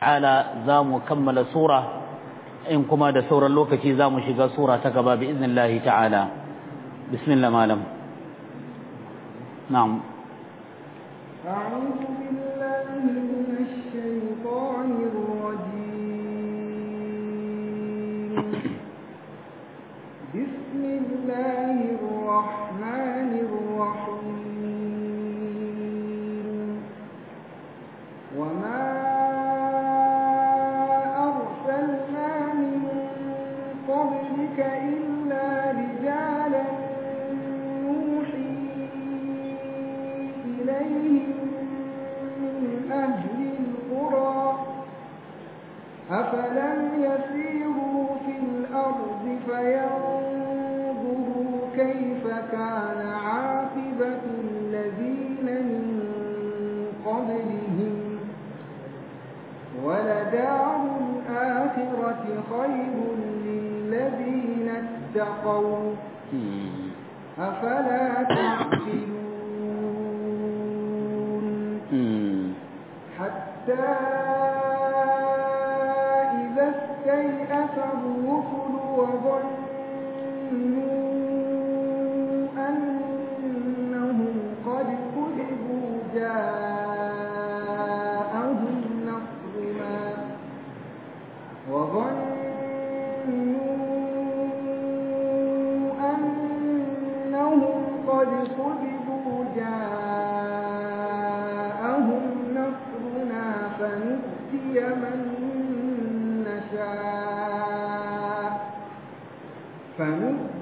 ta'ala za mu kammala sura in kuma da sauran lokaci za mu shiga sura ta gaba bi iznillahi ta'ala bismillah malam na'am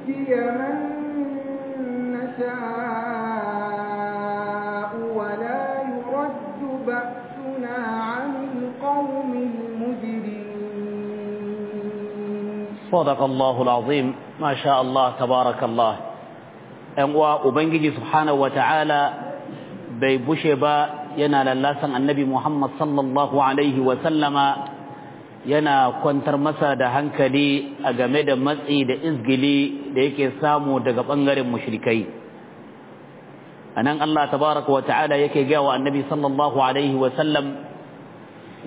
لنهدي من نشاء ولا يرد بأسنا عن القوم المجرمين صدق الله العظيم ما شاء الله تبارك الله أنواء أبنجي سبحانه وتعالى بيبشبا ينال الله سن النبي محمد صلى الله عليه وسلم yana kwantar masa da hankali a game da matsi da izgili da yake samu daga bangaren mushrikai anan Allah tabaraka wa ta'ala yake ga wa annabi sallallahu alaihi wa sallam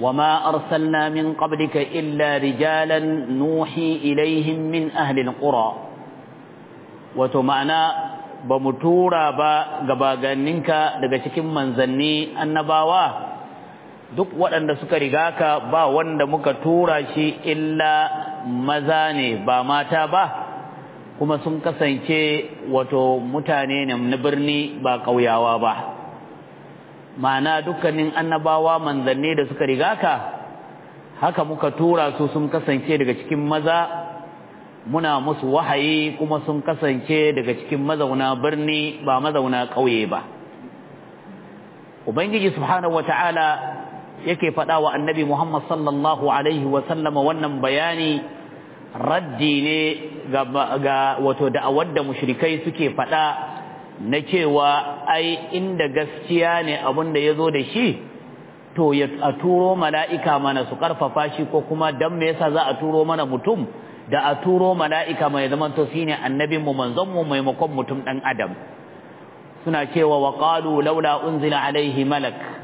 wa ma arsalna min qablika illa rijalan nuhi ilaihim min ahli alqura wato ma'ana ba mutura ba gabaganninka daga cikin manzanni annabawa duk waɗanda suka riga ka ba wanda muka tura shi illa maza ne ba mata ba kuma sun kasance wato mutane ne na birni ba ƙauyawa ba ma'ana dukkanin annabawa manzanni da suka riga ka haka muka tura su sun kasance daga cikin maza muna musu wahayi kuma sun kasance daga cikin mazauna birni ba mazauna ƙauye ba ubangiji subhanahu wa ta'ala. yake faɗa wa annabi Muhammad sallallahu alaihi wa sallama wannan bayani raddi ne ga wato da'awar da mushrikai suke faɗa na cewa ai inda gaskiya ne abin da ya zo da shi to ya a turo mala'ika mana su ƙarfafa shi ko kuma don me yasa za a turo mana mutum da a turo mala'ika mai zamanto shine annabinmu manzonmu maimakon mutum ɗan adam suna cewa wa qalu laula unzila alaihi malak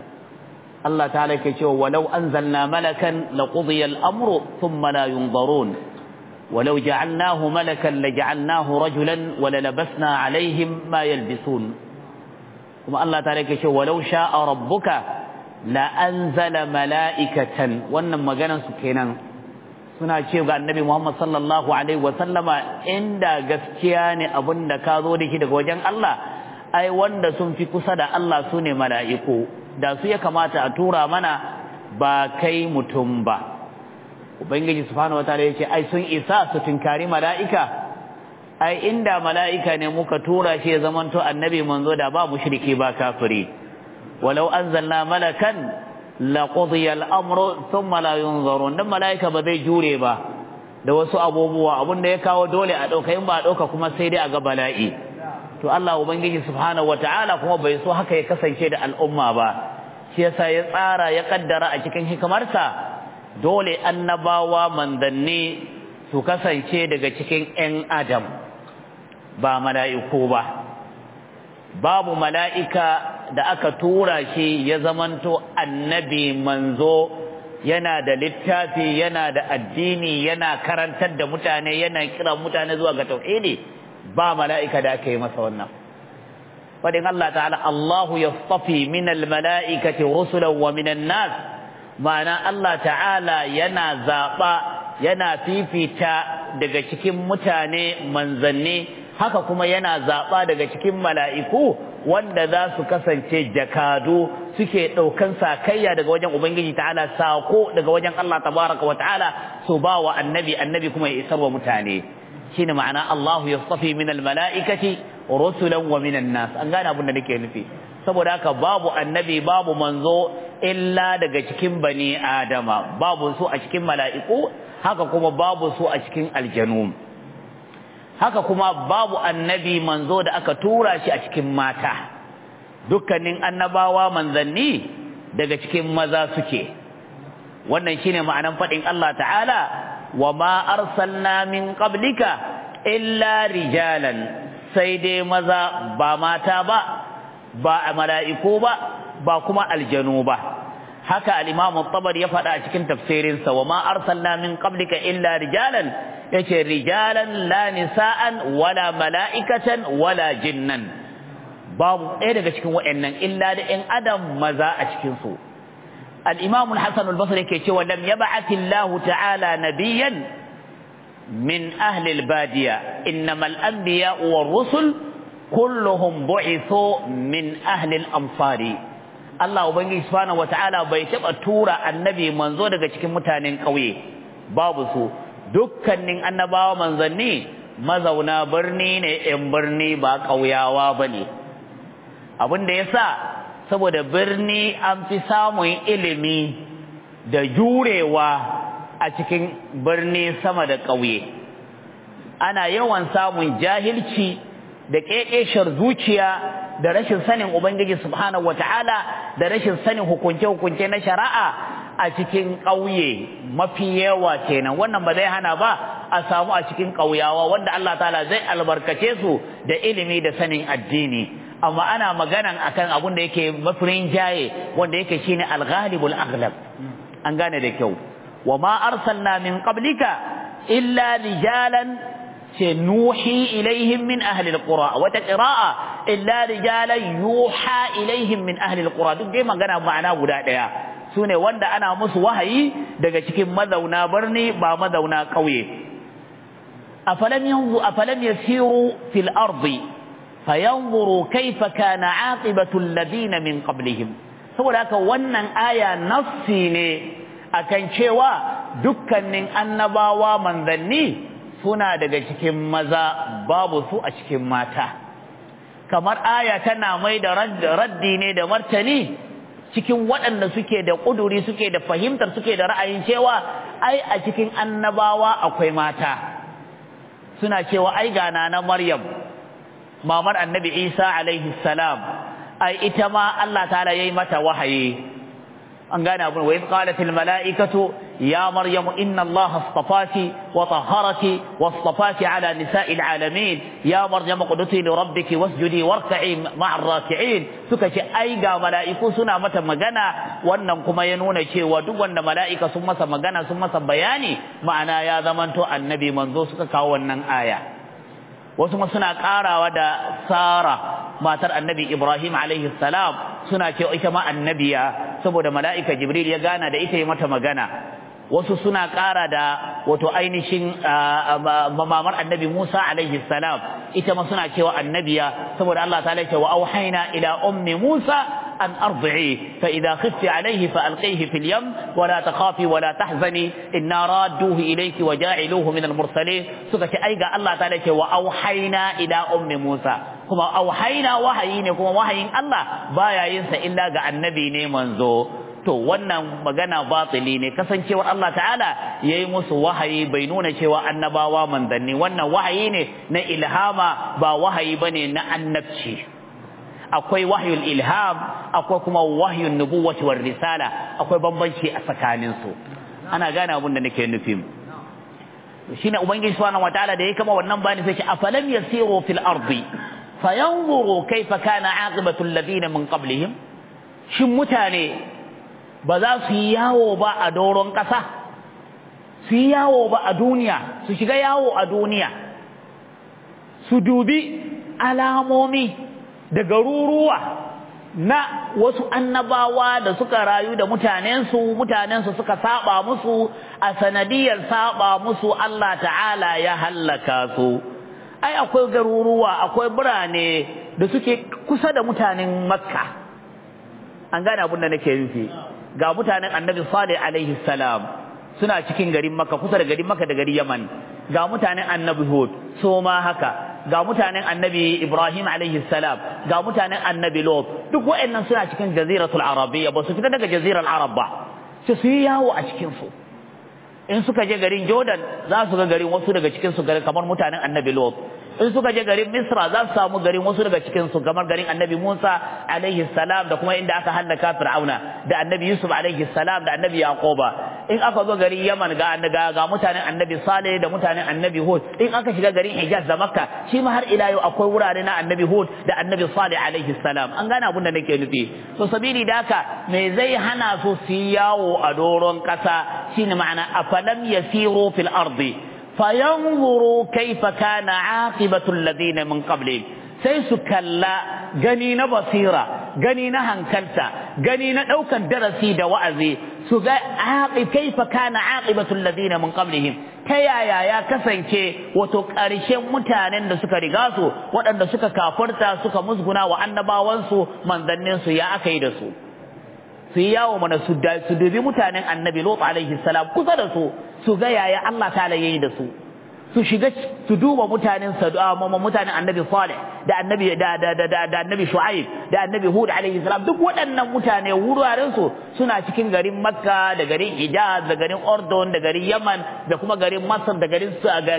Allah ta halaka cewa walau anzalna malakan laqudiya al-amru thumma la yunzarun walau ja'alnahu malakan laja'alnahu rajulan walalabasna alaihim ma yalbisun kuma Allah ta halaka cewa walau sha'a rabbuka la anzala mala'ikatan wannan maganar su kenan suna ce ga annabi Muhammad sallallahu alaihi wa sallama inda gaskiya ne abinda ka zo da shi daga wajen Allah ai wanda sun fi kusa da Allah sune mala'iku da su ya kamata a tura mana ba kai mutum ba ubangiji subhanahu wataala yace ai sun isa su tinkari mala'ika ai inda mala'ika ne muka tura shi ya zamanto annabi manzo da ba mushriki ba kafiri walau anzalna malakan laqudiya al-amru thumma la yunzarun dan mala'ika ba zai jure ba da wasu abubuwa abin da ya kawo dole a ɗauka in ba a ɗauka kuma sai dai a ga bala'i to Allah ubangiji subhanahu wataala kuma bai so haka ya kasance da al'umma ba shi yasa ya tsara ya kaddara a cikin hikimarsa dole annabawa manzanni su kasance daga cikin 'yan adam ba mala'iku ba babu mala'ika da aka tura shi ya zamanto annabi manzo yana da littafi yana da addini yana karantar da mutane yana kiran mutane zuwa ga tauhidi ba mala'ika da aka yi masa wannan fadin Allah ta'ala Allahu yastafi min mala’ikati rusulan wa minan nas ma'ana Allah ta'ala yana zaba yana fifita daga cikin mutane manzanni haka kuma yana zaba daga cikin mala'iku wanda za su kasance jakadu suke ɗaukan sakayya daga wajen Ubangiji ta'ala sako daga wajen Allah tabaraka wa ta'ala su bawa annabi annabi kuma ya isar wa mutane shine ma'ana Allahu yastafi min almalaikati rusulan wa minan nas an gane abin da nake nufi saboda haka babu annabi babu manzo illa daga cikin bani adama babu su a cikin mala'iku haka kuma babu su a cikin aljanu haka kuma babu annabi manzo da aka tura shi a cikin mata dukkanin annabawa manzanni daga cikin maza suke wannan shine ma'anan faɗin Allah ta'ala wa ma arsalna min illa rijalan sai dai maza ba mata ba ba mala'iku ba ba kuma aljanu ba haka al-imam ya faɗa a cikin tafsirinsa wa ma namin min illa rijalan yake rijalan la nisa'an wala mala'ikatan wala jinnan babu ɗaya daga cikin waɗannan illa da 'yan adam maza a cikin su al-imam al-hasan al-basri yake cewa lam yab'ath Allah ta'ala nabiyyan min ahli al-badiya innamal anbiya war rusul kulluhum bu'ithu min ahli al-amsari Allah ubangiji subhanahu wata'ala bai taɓa tura annabi manzo daga cikin mutanen ƙauye babu su dukkanin annabawa manzanni mazauna birni ne yan birni ba kauyawa bane abin da sa. saboda birni an fi samun ilimi da jurewa a cikin birni sama da ƙauye ana yawan samun jahilci da ƙeƙeshar zuciya da rashin sanin ubangiji subhanahu wata'ala da rashin sanin hukunce-hukunce na shari'a a cikin ƙauye mafi yawa kenan wannan ba zai hana ba a samu a cikin ƙauyawa wanda Allah ta'ala zai albarkace su da ilimi da sanin addini amma ana maganan akan abun da yake mafirin jaye wanda yake shine al-ghalibul aghlab an gane da kyau wa ma arsalna min qablika illa rijalan ce nuhi ilaihim min ahli wata qira'a illa rijalan yuha ilaihim min ahli alqura duk dai magana ma'ana guda daya sune wanda ana musu wahayi daga cikin mazauna birni ba mazauna kauye afalam yanzu afalam yasiru fil ardi fayanzuru kaifa kana aqibatu alladhina min qablihim saboda haka wannan aya nafsi ne akan cewa dukkanin annabawa manzanni suna daga cikin maza babu su a cikin mata kamar aya tana mai da raddi ne da martani cikin waɗanda suke da ƙuduri suke da fahimtar suke da ra'ayin cewa ai a cikin annabawa akwai mata suna cewa ai gana na Maryam mamar annabi Isa alaihi salam ai ita ma Allah ta'ala yayi mata wahayi an gane abun wa qalat al malaikatu ya maryamu inna Allah astafaki wa taharaki wastafaki ala nisa'i al alamin ya maryam quduti li rabbiki wasjudi warka'i ma'ar raki'in suka ce ai ga mala'iku suna mata magana wannan kuma ya nuna cewa duk wanda mala'ika sun masa magana sun masa bayani ma'ana ya zamanto annabi manzo suka kawo wannan aya wasu kuma suna karawa da sara matar annabi ibrahim alaihi salam suna cewa ita ma annabiya saboda mala'ika jibril ya gana da ita yi mata magana wasu suna kara da wato ainihin mamamar annabi Musa alaihi salam ita ma suna cewa annabiya saboda Allah ta ce wa auhayna ila ummi Musa an ardi'i fa idha khifti alaihi fa alqihi fil yam wa la takhafi wa la tahzani inna radduhu ilayki wa ja'iluhu min al mursalin suka ce ai ga Allah ta ce wa auhayna ila ummi Musa kuma auhayna wahayi ne kuma wahayin Allah baya yin sa illa ga annabi ne manzo to wannan magana batili ne kasancewar Allah ta'ala yi musu wahayi bai nuna cewa annabawa manzanni wannan wahayi ne na ilhama ba wahayi bane na annabci akwai wahyul ilham akwai kuma wahyun nubuwwati risala akwai bambanci a tsakaninsu ana gane abin da nake nufi shine ubangiji subhanahu wataala da yake kama wannan bani sai ce afalam yasiru fil ardi fayanzuru kaifa kana aqibatu alladhina min qablihim shin mutane ba za su yi yawo ba a doron ƙasa su yi yawo ba a duniya su shiga yawo a duniya su dubi alamomi da garuruwa na wasu annabawa da suka rayu da mutanensu mutanensu suka saba musu a sanadiyar saba musu Allah ta'ala ya hallaka su ai akwai garuruwa akwai birane da suke kusa da mutanen makka an gane abin da nake yi. ga mutanen annabi salih alaihi salam suna cikin garin makka kusa da garin makka da garin yaman ga mutanen annabi hud so ma haka ga mutanen annabi ibrahim alaihi salam ga mutanen annabi lot duk wa'annan suna cikin jaziratul arabiyya ba su fita daga jazirar arab ba sai su yi yawo a cikin su in suka je garin jordan za su ga garin wasu daga cikin su kamar mutanen annabi lot in suka je garin misra za su samu garin wasu daga cikin su kamar garin annabi musa alaihi salam da kuma inda aka hallaka fir'auna da annabi yusuf alaihi salam da annabi yaquba in aka zo garin yaman ga ga, ga mutanen annabi salih da mutanen annabi hud in aka shiga garin hijaz da makka shi ma har ila yau akwai wurare na annabi hud da annabi salih alaihi salam an gane abin da nake nufi to sabili da haka me zai hana su su yawo a doron kasa shine ma'ana afalam yasiru fil ardi fayanzuru kaifa kana aqibatu alladhina min qablihim sai su kalla gani na basira gani na hankalta gani na daukan darasi da wa'azi su ga kaifa kana aqibatu alladhina min qablihim ta yaya ya kasance wato ƙarshen mutanen da suka riga su waɗanda suka kafarta suka musguna wa annabawansu manzanninsu ya aka yi da su su yi yawo mana su dubi mutanen annabi lot alaihi salam kusa da su su ga yaya Allah ta yayi da su su shiga su duba mutanen Sadama ah, mutanen Annabi Salih da Annabi da da da da Annabi Shu'aib da Annabi Hud alaihi salam duk waɗannan mutane wuraren su suna cikin garin Makka da garin Hijaz da garin Ordon da garin Yaman da kuma garin Masar da garin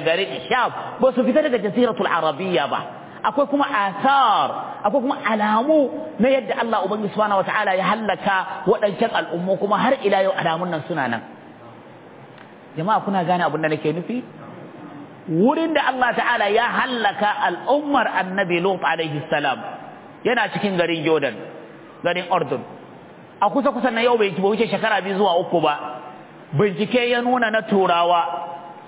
garin Sham ba su fita daga Jaziratul Arabiyya ba akwai kuma asar akwai kuma alamu na yadda Allah Ubangiji subhanahu wataala ya hallaka waɗancan al'ummu kuma har ila yau alamun nan suna nan jama'a kuna gane abin da nake nufi wurin da Allah ta'ala ya hallaka al'ummar annabi Lut alayhi salam yana cikin garin Jordan garin Urdun a kusa kusa na yau bai wuce shekara biyu zuwa uku ba bincike ya nuna na turawa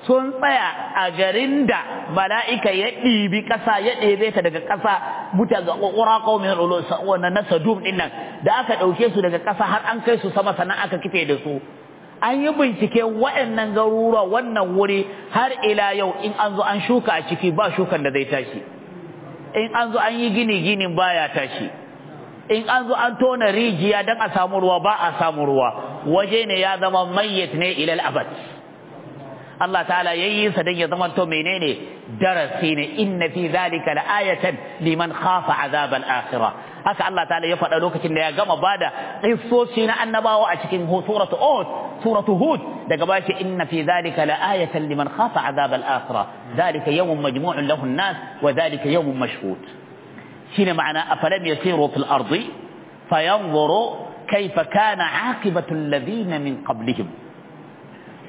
sun tsaya a garin da mala'ika ya ɗibi ƙasa ya ɗebe ta daga ƙasa muta ga ƙura ƙaumin ulul na sadum ɗin nan da aka ɗauke su daga ƙasa har an kai su sama sannan aka kife da su an yi bincike waɗannan garuruwa wannan wuri har ila yau in an zo an shuka a ciki ba shukan da zai tashi in an zo an yi gini ginin baya tashi in an zo an tona rijiya don a samu ruwa ba a samu ruwa waje ne ya zama mayyit ne ilal abad Allah ta'ala yayi sa dan ya zamanto menene darasi ne inna fi zalika laayatan liman khafa azab al-akhirah haka Allah ta'ala ya faɗa lokacin da ya gama bada qissoci na annabawa a cikin suratu Hud suratu Hud daga baya ce inna fi zalika laayatan liman khafa azab al-akhirah zalika yawmun majmu'un lahu an-nas wa zalika yawmun mashhud shine ma'ana afalam yasiru fil ardi fayanzuru kaifa kana aqibatu alladhina min qablihim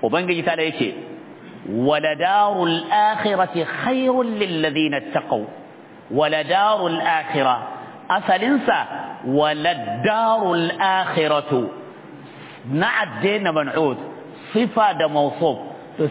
ubangiji ta da yake ولدار الآخرة خير للذين اتقوا ولدار الآخرة أفلنسى ولدار الآخرة نعد دين منعود صفة موصوف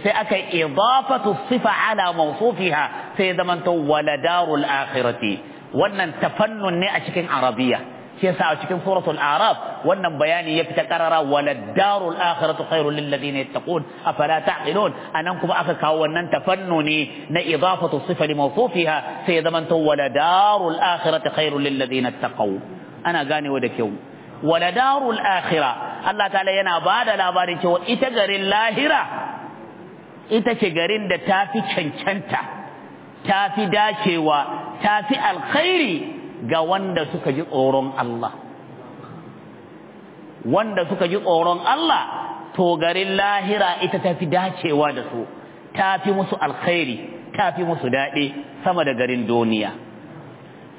سيأكي إضافة الصفة على موصوفها سيدمنتو ولدار الآخرة wannan تفنن ne عربية shi yasa a cikin suratul araf wannan bayani ya fita karara walad darul akhiratu khairul lil ladina yattaqun afala taqilun anan kuma aka kawo wannan tafannuni na idafatu sifa li mawsufiha sai ya zamanto walad darul akhirati khairul lil ladina taqaw ana ganewa da kyau walad darul Allah ta'ala yana bada labarin cewa ita garin lahira ita ce garin da tafi cancanta tafi dacewa tafi alkhairi ga wanda suka ji tsoron Allah wanda suka ji tsoron Allah to garin lahira ita tafi dacewa da su tafi musu alkhairi tafi musu daɗi sama da garin duniya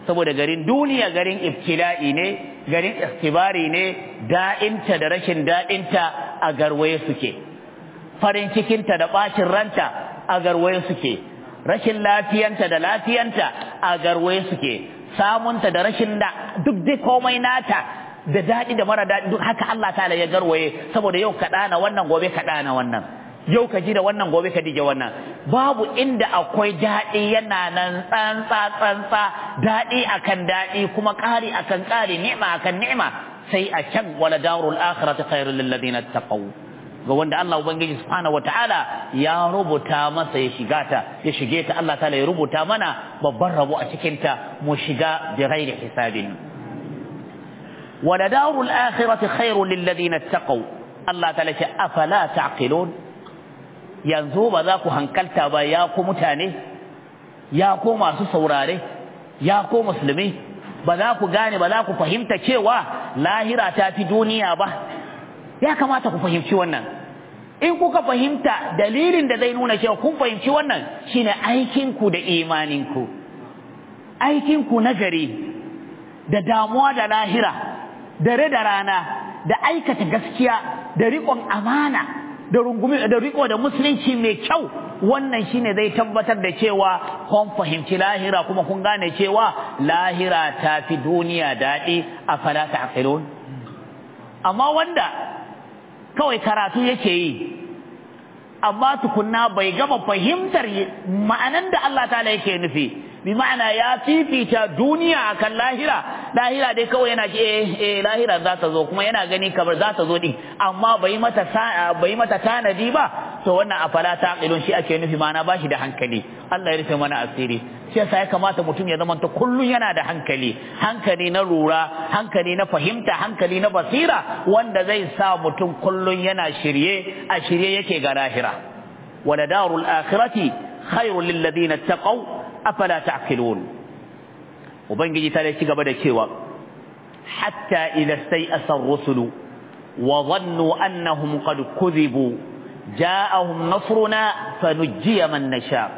saboda garin duniya garin ibtila'i ne garin ikhtibari ne da'inta da rashin da'inta a garwaye suke farin cikinta da ɓacin ranta a garwaye suke rashin lafiyanta da lafiyanta a garwaye suke samunta da rashin da duk dai komai nata da daɗi da mara daɗi duk haka Allah ta'ala ya garwaye saboda yau ka ɗana wannan gobe ka ɗana wannan yau ka ji da wannan gobe ka dije wannan babu inda akwai daɗi yana nan tsantsa tsantsa daɗi akan daɗi kuma ƙari akan ƙari ni'ima akan ni'ima sai a can wala darul akhirati khairul lil ladina taqaw ga wanda Allah ubangiji subhanahu wataala ya rubuta masa ya shiga ta ya shige ta Allah ta'ala ya rubuta mana babban rabo a cikin ta mu shiga bi ghairi hisabin wala darul akhirati khairun lil ladina taqaw Allah ta'ala ce afala taqilun yanzu ba za ku hankalta ba ya ku mutane ya ku masu saurare ya ku musulmi ba za ku gane ba za ku fahimta cewa lahira ta fi duniya ba ya kamata ku fahimci wannan in kuka fahimta dalilin da zai nuna cewa kun fahimci wannan shine aikinku da imaninku aikinku na gari da damuwa da lahira dare da rana da aikata gaskiya da riƙon amana da rungumi da riƙo da musulunci mai kyau wannan shine zai tabbatar da cewa kun fahimci lahira kuma kun gane cewa lahira ta fi duniya daɗi a a ta'qilun amma wanda kawai karatu yake yi amma tukunna bai gama fahimtar ma'anan da Allah ta'ala yake nufi bi ma'ana ya fifita duniya akan lahira lahira dai kawai yana ce eh eh lahira za ta zo kuma yana gani kamar za ta zo din amma bai mata bai mata tanadi ba to wannan afala taqilun shi ake nufi ma'ana bashi da hankali Allah ya rufe mana asiri shi yasa ya kamata mutum ya zamanta kullum yana da hankali hankali na lura hankali na fahimta hankali na basira wanda zai sa mutum kullum yana shirye a shirye yake ga lahira wala darul akhirati khairul lil taqaw أفلا تعقلون وبنجي تالي شيء قبل كيوا حتى إذا استيأس الرسل وظنوا أنهم قد كذبوا جاءهم نصرنا فنجي من نشاء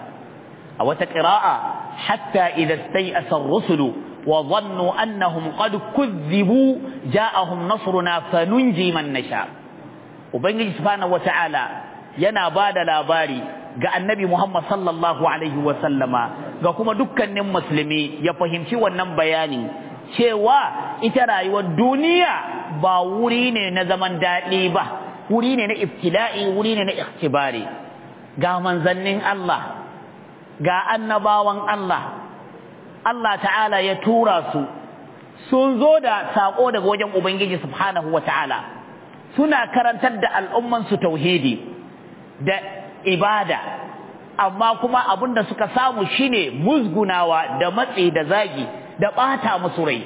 أوتك إراءة حتى إذا استيأس الرسل وظنوا أنهم قد كذبوا جاءهم نصرنا فننجي من نشاء وبنجي سبحانه وتعالى ينا بعد لا باري قال النبي محمد صلى الله عليه وسلم ga kuma dukkanin musulmi ya fahimci wannan bayani cewa ita rayuwar duniya ba wuri ne na zaman daɗi ba wuri ne na iftila'i wuri ne na ikhtibari ga manzannin Allah ga annabawan Allah Allah ta'ala ya tura su sun zo da sako daga wajen Ubangiji subhanahu wa ta'ala suna karantar da al'ummansu tauhidi da ibada amma kuma abin da suka samu shine musgunawa da matsi da zagi da bata musu rai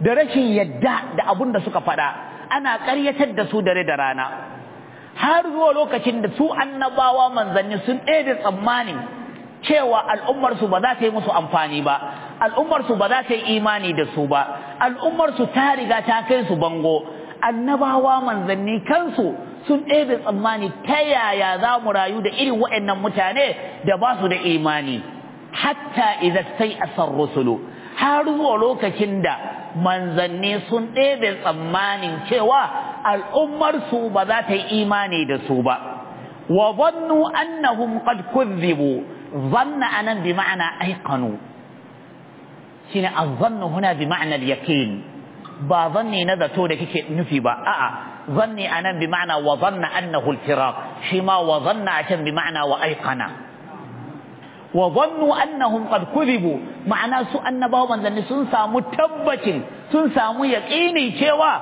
da rashin yadda da abin da suka faɗa ana ƙaryatar da su dare da rana har zuwa lokacin da su annabawa manzanni sun ɗaya tsammanin cewa al'ummarsu ba za ta yi musu amfani ba al'ummarsu ba za ta yi imani da su ba al'ummarsu ta riga ta kai su bango annabawa manzanni kansu sun ɗebe tsammani ta yaya za mu rayu da irin waɗannan mutane da ba su da imani hatta idan sai asar rusulu har zuwa lokacin da manzanni sun ɗebe tsammanin cewa al'ummarsu ba za ta yi imani da su ba wa zannu annahum qad kuzzibu zanna anan bi ma'ana aiqanu shine azannu huna bi ma'ana al-yaqin ba zanni na zato da kike nufi ba a'a zanni anan bi ma'ana wa zanna annahu al-firaq shi ma wa zanna can bi ma'ana wa aiqana wa zannu annahum qad kuzibu ma'ana su annabawa manzanni sun samu tabbacin sun samu yaqini cewa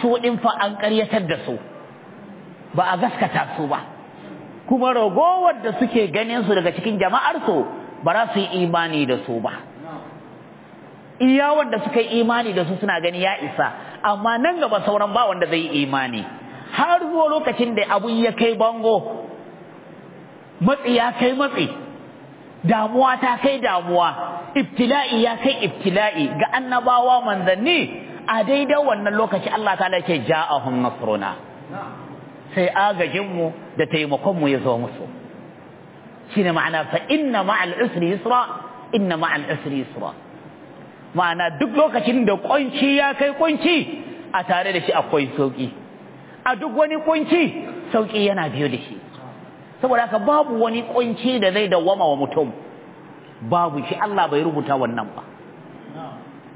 su din fa an ƙaryatar da su ba a gaskata su ba kuma ragowar da suke ganin su daga cikin jama'ar su ba za su yi imani da su ba iya wanda suka yi imani da su suna gani ya isa amma nan gaba sauran ba wanda zai yi imani har zuwa lokacin da abun ya kai bango matsi ya kai matsi damuwa ta kai damuwa ibtila'i ya kai ibtila'i ga annabawa manzanni a daidai wannan lokaci Allah ta ce ja'ahum nasruna sai agajinmu da taimakon mu ya zo musu shine ma'ana fa inna ma'al usri yusra inna ma'al usri yusra ma'ana duk lokacin da kunci ya kai kunci a tare da shi akwai sauki a duk wani kunci sauki yana biyo da shi saboda haka babu wani kunci da zai dawwama wa mutum babu shi Allah bai rubuta wannan ba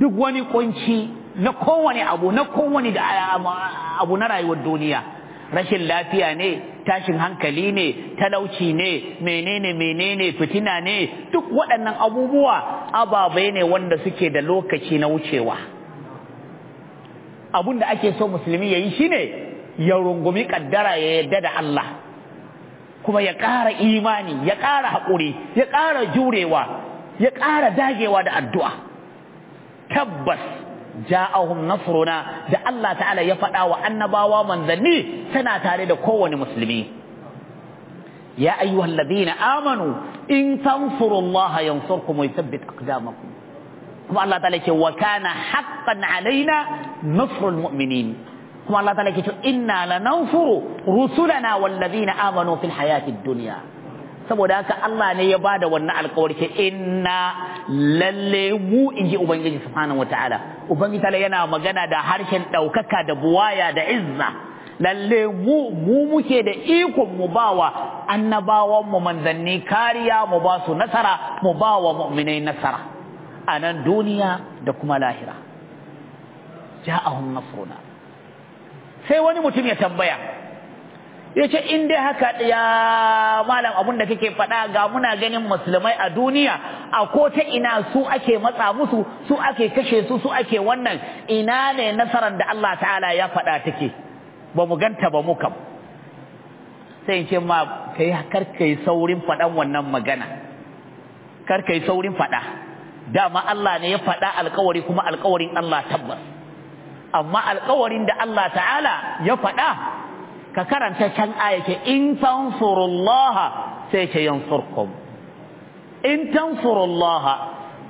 duk wani kunci na kowane abu na kowane da abu na rayuwar duniya rashin lafiya ne tashin hankali ne talauci ne menene menene fitina ne duk waɗannan abubuwa ababai ne wanda suke da lokaci na wucewa abun da ake so musulmi ya yi shine ya rungumi kaddara ya yadda da Allah kuma ya ƙara imani ya ƙara haƙuri ya ƙara jurewa ya ƙara dagewa da addu'a tabbas ja'ahum nasruna da Allah ta'ala ya faɗa wa annabawa manzanni tana tare da kowane musulmi ya ayyuhal ladina amanu in tansurullaha yansurkum wa yuthabbit aqdamakum kuma Allah ta'ala ce wa kana haqqan alaina nasrul mu'minin kuma Allah ta'ala ce inna lanansuru rusulana wal ladina amanu fil hayatid dunya saboda haka Allah ne ya bada wannan alƙawarki inna lalle mu inji ubangiji subhanahu wataala ubangiji ta'ala yana magana da harshen ɗaukaka da buwaya da izza lalle mu mu muke da ikon mu bawa annabawan mu manzanni kariya mu ba su nasara mu bawa mu'minai nasara a nan duniya da kuma lahira ja'ahum nasruna sai wani mutum ya tambaya yace in dai haka ya malam abun da kake faɗa ga muna ganin musulmai a duniya a ko ta ina su ake matsa musu su ake kashe su su ake wannan ina ne nasarar da Allah ta'ala ya faɗa take ba mu ganta ba mu kam sai in ce ma kai kar kai saurin faɗan wannan magana kar kai saurin faɗa dama Allah ne ya faɗa alƙawari kuma alƙawarin Allah tabbas amma alƙawarin da Allah ta'ala ya faɗa ka karanta can aya ce in tansurullaha sai ce yansurkum in tansurullaha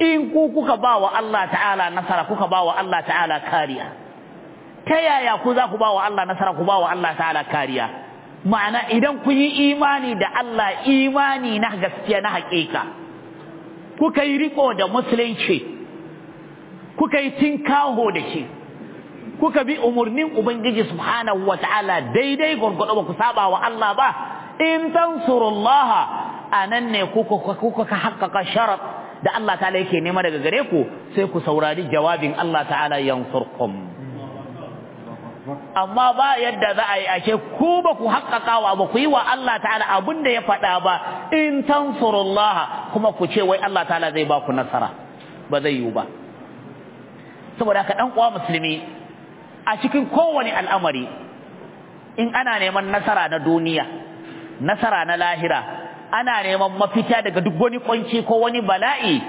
in ku kuka ba wa Allah ta'ala nasara kuka ba wa Allah ta'ala kariya ta yaya ku za ku ba wa Allah nasara ku ba wa Allah ta'ala kariya ma'ana idan kun yi imani da Allah imani na gaskiya na haƙiƙa kuka yi riko da musulunci kuka yi tinkaho da shi kuka bi umurnin ubangiji subhanahu wataala daidai gurgudu ba ku saba wa Allah ba in tansurullaha anan ne kuka kuka haƙƙaƙa sharat da Allah ta'ala yake nema daga gare ku sai ku saurari jawabin Allah ta'ala yansurkum amma ba yadda za a yi ashe ku ba ku haƙƙaƙawa ba ku yi wa Allah ta'ala abin da ya faɗa ba in tansurullaha kuma ku ce wai Allah ta'ala zai ba ku nasara ba zai yiwu ba saboda haka ɗan uwa musulmi a cikin kowane al'amari in ana neman nasara na duniya nasara na lahira ana neman mafita daga duk wani kunci ko wani bala'i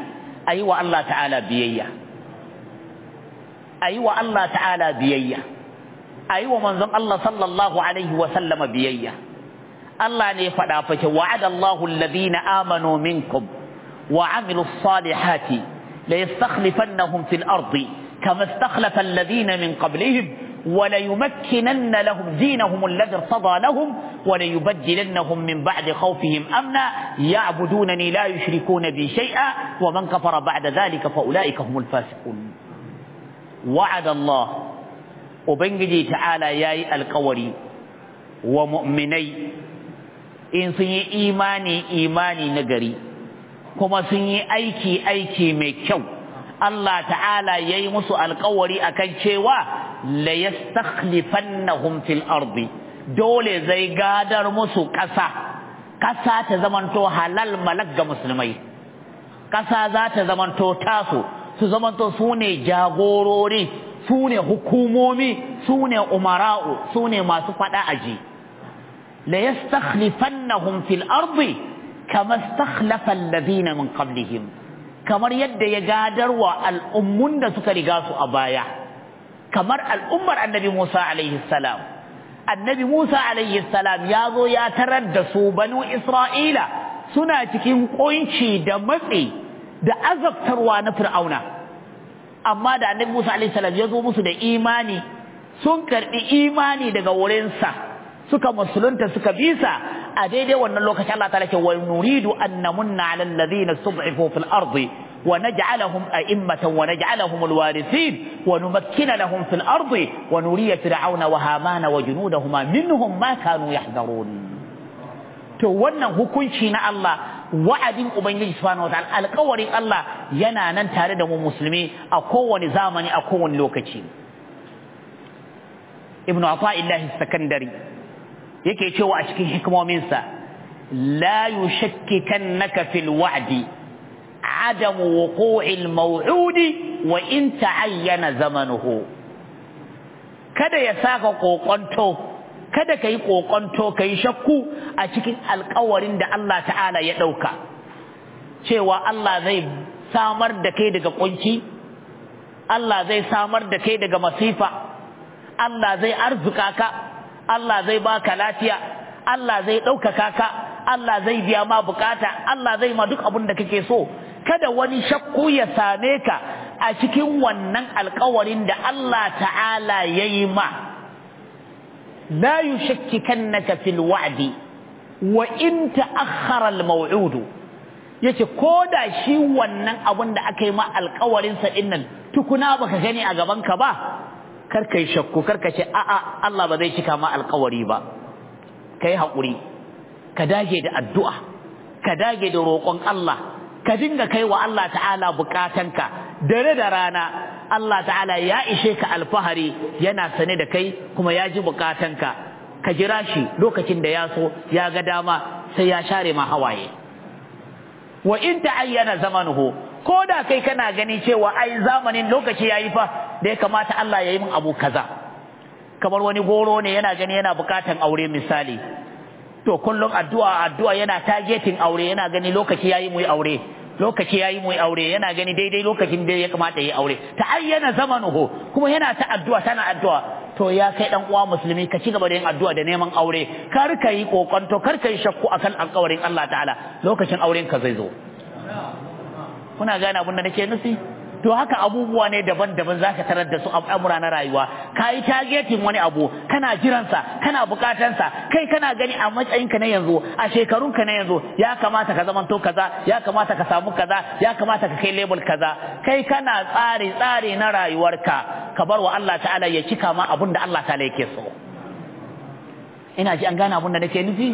ayi wa Allah ta'ala biyayya ayi wa Allah ta'ala biyayya ayi wa manzon Allah sallallahu alaihi wa sallama biyayya Allah ne fada fake wa'adallahu alladhina amanu minkum wa amilus salihati la yastakhlifannahum fil ardi كما استخلف الذين من قبلهم وليمكنن لهم دينهم الذي ارتضى لهم وليبدلنهم من بعد خوفهم امنا يعبدونني لا يشركون بي شيئا ومن كفر بعد ذلك فاولئك هم الفاسقون وعد الله وبنجي تعالى ياي القوري ومؤمني إن سني إيماني إيماني نجري كما سني أيكي أيكي aiki Allah ta'ala ya yi musu alƙawari kan cewa la yastakhlifannahum fil ardi dole zai gadar musu ƙasa ƙasa ta zamanto halal malak ga musulmai ƙasa za ta zamanto tasu su zamanto su ne jagorori su ne hukumomi su ne umara'u su ne masu faɗa aji la yastakhlifannahum fil ardi kama istakhlafa alladhina min qablihim kamar yadda ya gadarwa al'ummun da suka riga su a baya kamar al'ummar annabi Musa alaihi salam annabi Musa alaihi salam ya zo ya tarar da su banu Isra'ila suna cikin kunci da matsi da azabtarwa na Fir'auna amma da annabi Musa alaihi salam ya zo musu da imani sun karbi imani daga wurinsa suka musulunta suka bisa a daidai wannan lokacin Allah ta'ala ce wa nuridu an namunna 'alal ladina stud'ifu fil ardi wa naj'alahum a'immatan wa naj'alahum alwarithin wa numakkina lahum fil ardi wa nuriya fir'auna wa hamana wa junudahuma minhum ma kanu yahdharun to wannan hukunci na Allah wa'adin ubangiji subhanahu wataala alƙawarin Allah yana nan tare da mu musulmi a kowane zamani a kowane lokaci ibnu ata'illahi sakandari yake cewa a cikin hikimominsa la yushakkikannaka fil wa'di عدم وقوع wa وإن تعين zamanuhu. kada ya saka kokonto kada kai kokonto kai shakku a cikin alƙawarin da Allah ta'ala ya dauka cewa Allah zai samar da kai daga kunci Allah zai samar da kai daga masifa Allah zai arzuka ka Allah zai baka lafiya Allah zai ɗaukaka ka Allah zai biya ma bukata Allah zai ma duk abin da kake so kada wani shakku ya same ka a cikin wannan alkawarin da Allah ta'ala ya yi ma la yushakkikannaka fil wa'di wa in ta'akhkhara al maw'ud yace ko da shi wannan abin da aka yi ma alkawarin sa dinnan tukuna baka gani a gaban ka ba karkai shakku karka ce a'a Allah ba zai cika ma alƙawari ba kai haƙuri ka dage da addu'a ka dage da roƙon Allah ka dinga kai wa Allah ta'ala bukatanka dare da rana Allah ta'ala ya ishe ka alfahari yana sane da kai kuma ya ji bukatanka ka jira shi lokacin da ya so ya ga dama sai ya share ma hawaye wa in ta'ayyana zamanuhu ko da kai kana gani cewa ai zamanin lokaci yayi fa da ya kamata Allah ya yi min abu kaza kamar wani goro ne yana gani yana bukatan aure misali to kullum addu'a addu'a yana targeting aure yana gani lokaci yayi mu yi aure lokaci yayi mu yi aure yana gani daidai lokacin da ya kamata yi aure ta ayyana zamanuhu kuma yana ta addu'a tana addu'a to ya kai dan uwa musulmi ka ci gaba da yin addu'a da neman aure kar ka yi kokonto kar ka yi shakku akan alƙawarin Allah ta'ala lokacin auren ka zai zo kuna gane abin da nake nufi to haka abubuwa ne daban-daban zaka tarar da su amura na rayuwa kai targeting wani abu kana sa kana sa kai kana gani a matsayinka na yanzu a shekarunka na yanzu ya kamata ka zamanto kaza ya kamata ka samu kaza ya kamata ka kai label kaza kai kana tsari tsari na rayuwarka ka bar wa Allah ta'ala ya cika ma abin da Allah ta'ala yake so ina ji an gane abin da nake nufi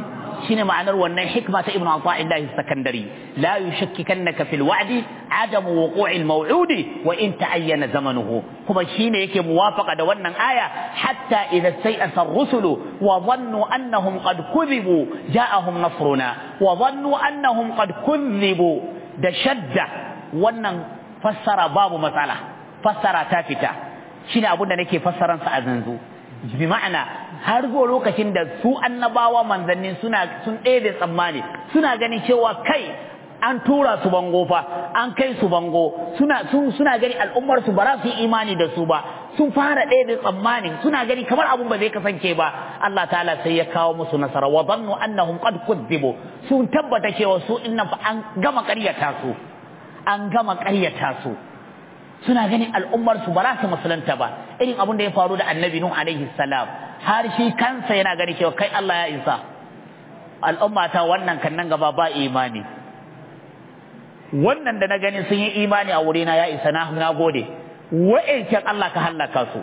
shine ma'anar wannan hikma ta ibnu ata'illah sakandari la yushakkikannaka fil wa'di adamu wuqu'il maw'udi wa in ta'ayyana zamanuhu kuma shine yake muwafaqa da wannan aya hatta idza sai ar-rusulu wa dhannu annahum qad kudhibu ja'ahum nasruna wa dhannu annahum qad kudhibu da shadda wannan fassara babu matsala fassara ta fita shine abin da nake fassaransa a zanzu bi ma'ana har zuwa lokacin da su annabawa manzanni suna sun da tsammani suna ganin cewa kai an tura su bango fa an kai su bango suna suna gani al'ummar su ba za su imani da su ba sun fara da tsammani suna gani kamar abun ba zai kasance ba Allah ta'ala sai ya kawo musu nasara wa dhannu annahum qad kudzibu sun tabbata cewa su inna fa an gama ƙaryata su an gama ƙaryata su suna ganin al'ummar su ba za su musulunta ba irin abin da ya faru da annabi nuh alaihi salam har shi kansa yana gani cewa kai Allah ya isa al'umma ta wannan kan nan gaba ba imani wannan da na gani sun yi imani a wurina ya isa na na gode wa'ancan Allah ka hallaka su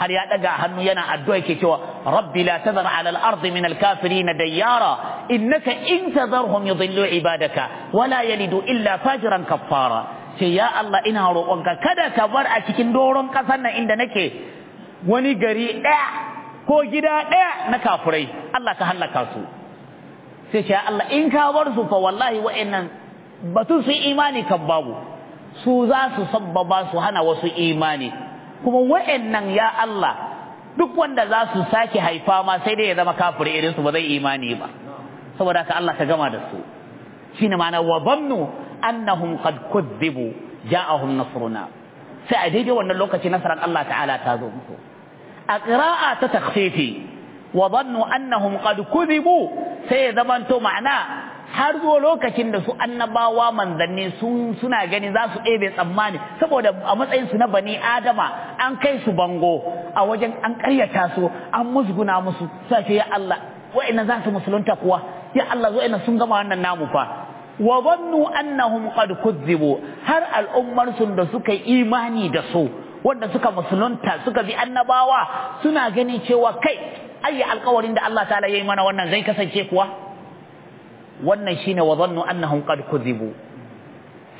har ya daga hannu yana addu'a yake cewa rabbi la tazar ala al-ardi min al-kafirin dayyara innaka in tazarhum yudillu ibadaka wala yalidu illa fajiran kaffara ce ya Allah ina roƙonka kada ka bar a cikin doron ƙasar nan inda nake wani gari ɗaya ko gida ɗaya na kafurai Allah ka hallaka su sai ce ya Allah in ka bar su fa wallahi wa'annan batun su imani kan babu su za su sabbaba su hana wasu imani kuma wa'annan ya Allah duk wanda za su sake haifa ma sai dai ya zama kafiri irin su ba zai imani ba saboda ka Allah ka gama da su shine ma'ana wa bannu annahum qad kuzzibu ja'ahum nasruna sai a daidai wannan lokaci nasarar Allah ta'ala ta zo musu a qira'a ta takhfifi wa dhannu annahum qad kuzibu sai zamanto ma'ana har zo lokacin da su annabawa manzanni sun suna gani za su ɗebe tsammani saboda a matsayin su na bani adama an kai su bango a wajen an ƙaryata su an musguna musu sai ce ya Allah wa'annan za su musulunta kuwa ya Allah wa'annan sun gama wannan namu fa wa zannu annahum qad kuzzibu har al'ummar sun da suka yi imani da su wanda suka musulunta suka bi annabawa suna ganin cewa kai ayi alƙawarin da Allah ta'ala yayi mana wannan zai kasance kuwa wannan shine wa zannu annahum qad kuzzibu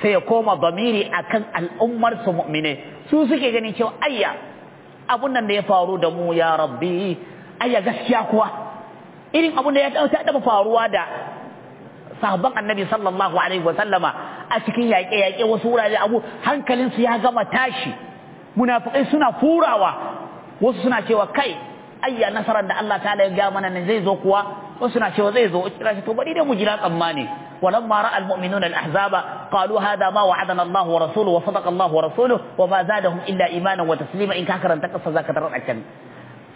sai ya koma bamiri akan al'ummar su mu'mine su suke ganin cewa ayya abun nan da ya faru da mu ya rabbi ayya gaskiya kuwa irin abun da ya taɓa faruwa da sahabban annabi sallallahu alaihi wa sallama a cikin yaƙe yaƙe wasu wurare abu hankalin su ya gama tashi munafiqai suna furawa wasu suna cewa kai ayya nasaran da Allah ta'ala ya gamana mana ne zai zo kuwa wasu suna cewa zai zo kira shi to bari dai mu jira tsammani walamma ra'a almu'minuna alahzaba qalu hadha ma wa'adana Allah wa rasuluhu wa sadaqa Allah wa rasuluhu wa ma zadahum illa imanan taslima in ka karanta kasa zaka tarar a can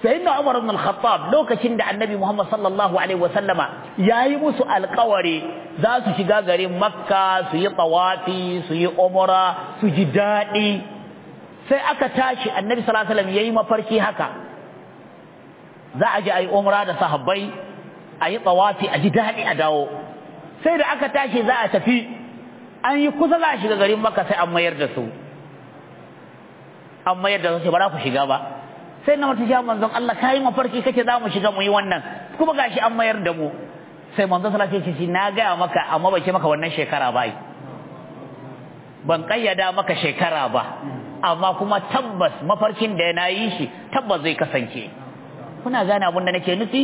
sayyidina Umar ibn al-Khattab lokacin da Annabi Muhammad sallallahu alaihi wasallama yayi musu alƙawari za su shiga garin Makka su yi tawafi su yi umra su ji dadi sai aka tashi Annabi sallallahu alaihi wasallam yayi mafarki haka za a je ayi umra da sahabbai ayi tawafi a ji dadi a dawo sai da aka tashi za a tafi an yi kusa za a shiga garin Makka sai an mayar da su an mayar da su ba za ku shiga ba sai na mata shaman zan Allah kayi mafarki kake za mu shiga mu yi wannan kuma gashi an mayar da mu sai manzo sallallahu alaihi wasallam na gaya maka amma ba ke maka wannan shekara ba ban kayyada maka shekara ba amma kuma tabbas mafarkin da na yi shi tabbas zai kasance kuna gane abin da nake nufi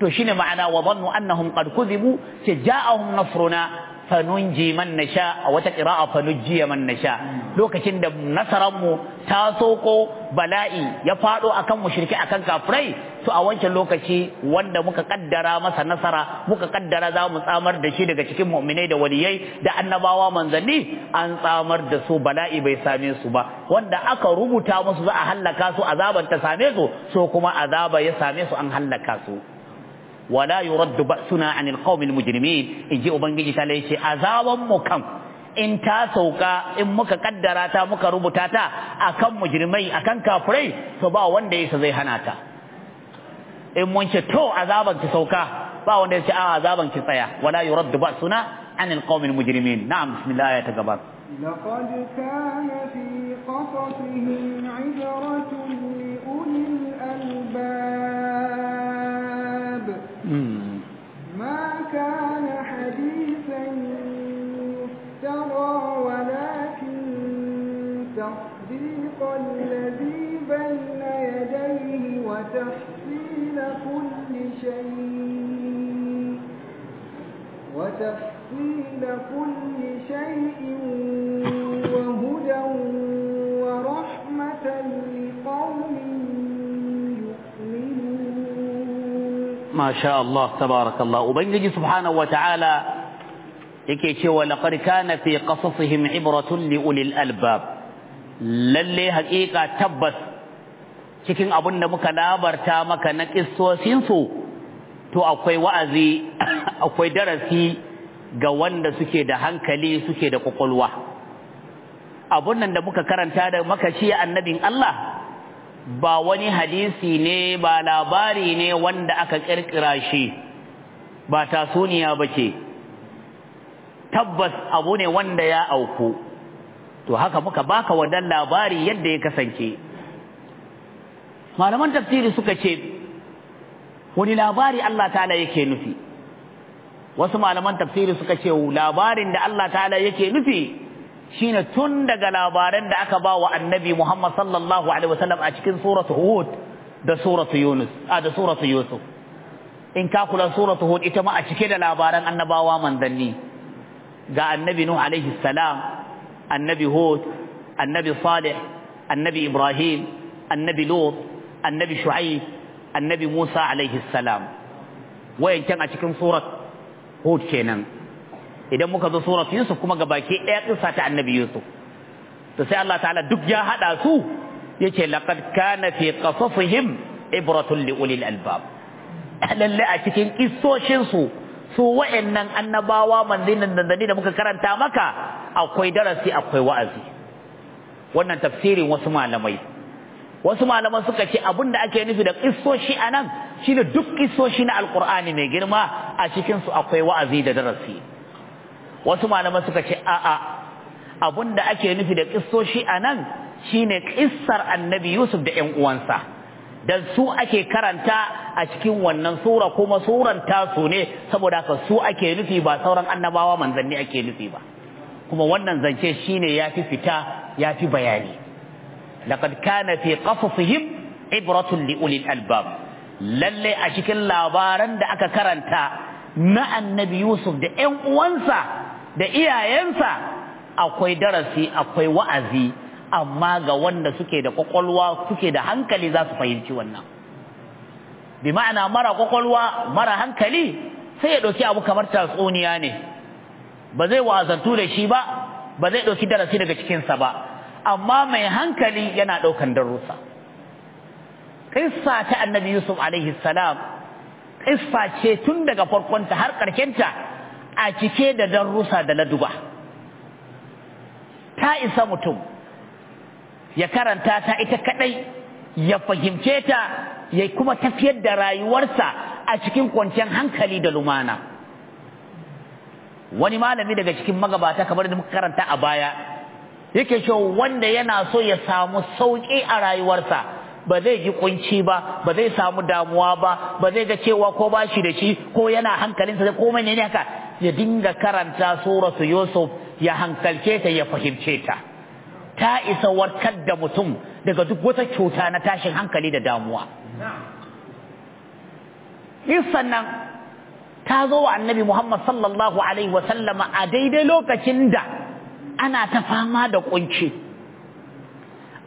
to shine ma'ana wa dhannu annahum qad kuzibu ce ja'ahum nasruna fanunji man nasha a wata ƙira'a fanujji man nasha lokacin da nasaran mu ta soko bala'i ya fado akan mushriki akan kafirai to a wancan lokaci wanda muka kaddara masa nasara muka kaddara za mu tsamar da shi daga cikin mu'minai da waliyai da annabawa manzanni an tsamar da su bala'i bai same su ba wanda aka rubuta musu za a hallaka su azaban ta same su so kuma azaba ya same su an hallaka su wala yuraddu ba'suna 'anil qaumil mujrimin inji ubangiji ta yace ce azawan mu kan in ta sauka in muka kaddara ta muka rubuta ta akan mujrimai akan kafirai to ba wanda yasa zai hana ta in mun ce to azaban ki sauka ba wanda yace a azaban ki tsaya wala yuraddu ba'suna 'anil qaumil mujrimin na'am bismillah ya tagabar لقد كان في قصصهم عبرة لأولي الألباب كان حديثا يفترى ولكن تصديق الذي بين يديه وتفصيل كل شيء وتفصيل كل شيء masha Allah tabarakallah ubangiji subhanahu wataala yake cewa laqad kana fi qasasihim ibratun li ulil albab lalle haƙiƙa tabbas cikin abin da muka labarta maka na kissosin su to akwai wa'azi akwai darasi ga wanda suke da hankali suke da ƙwaƙwalwa abun nan da muka karanta da makashi annabin Allah ba wani hadisi ne ba labari ne wanda aka kirkira shi ba tasuniya bace tabbas abu ne wanda ya auku to haka muka baka wannan labari yadda ya kasance malaman tafsiri suka ce wani labari Allah ta'ala yake nufi wasu malaman tafsiri suka ce labarin da Allah ta'ala yake nufi shine tun daga labaran da aka ba wa annabi Muhammad sallallahu alaihi wasallam a cikin suratu Hud da suratu Yunus a da suratu Yusuf in ka kula suratu Hud ita ma a cike da labaran annabawa manzanni ga annabi Nuh alaihi salam annabi Hud annabi Salih annabi Ibrahim annabi Lut annabi Shu'aib annabi Musa alaihi salam wayancan a cikin surat Hud kenan idan muka zo surat yusuf kuma ga baki ɗaya kissa ta annabi yusuf to sai Allah ta'ala duk ya haɗa su yace laqad kana fi qasasihim ibratun li ulil albab lalle a cikin kissoshin su su wa'annan annabawa manzinin dandani da muka karanta maka akwai darasi akwai wa'azi wannan tafsirin wasu malamai wasu malaman suka ce da ake nufi da kissoshi anan shine duk kissoshi na alqur'ani mai girma a cikin su akwai wa'azi da darasi wasu malaman suka ce a'a abunda ake nufi da kissoshi anan shine kissar annabi Yusuf da ƴan uwansa dan su ake karanta a cikin wannan sura kuma suran tasu ne saboda haka su ake nufi ba sauran annabawa manzanni ake nufi ba kuma wannan zance shine yafi fita yafi bayani laqad kana fi qasasihim ibratun li ulil albab lalle a cikin labaran da aka karanta na annabi Yusuf da ƴan uwansa da iyayensa akwai darasi akwai wa'azi amma ga wanda suke da kwakwalwa suke da hankali za su fahimci wannan bi ma'ana mara kwakwalwa mara hankali sai ya ɗauki abu kamar tatsuniya ne ba zai wa'azantu da shi ba ba zai ɗauki darasi daga cikinsa ba amma mai hankali yana ɗaukan darussa Kissa ta annabi yusuf alaihi salam kissa ce tun daga farkonta har ƙarshenta a cike da darussa da laduba ta isa mutum ya karanta ta ita kadai ya fahimce ta ya kuma tafiyar da rayuwarsa a cikin kwanciyar hankali da lumana wani malami daga cikin magabata kamar da muka karanta a baya yake cewa wanda yana so ya samu sauki a rayuwarsa ba zai ji kunci ba ba zai samu damuwa ba ba zai ga cewa ko bashi da shi ko yana hankalinsa ko ne ne haka ya dinga karanta suratu yusuf ya hankalce ta ya fahimce ta ta isa warkar da mutum daga duk wata cuta na tashin hankali da damuwa Isan nan ta zo wa annabi Muhammad sallallahu alaihi wa sallama a daidai lokacin da ana ta fama da kunci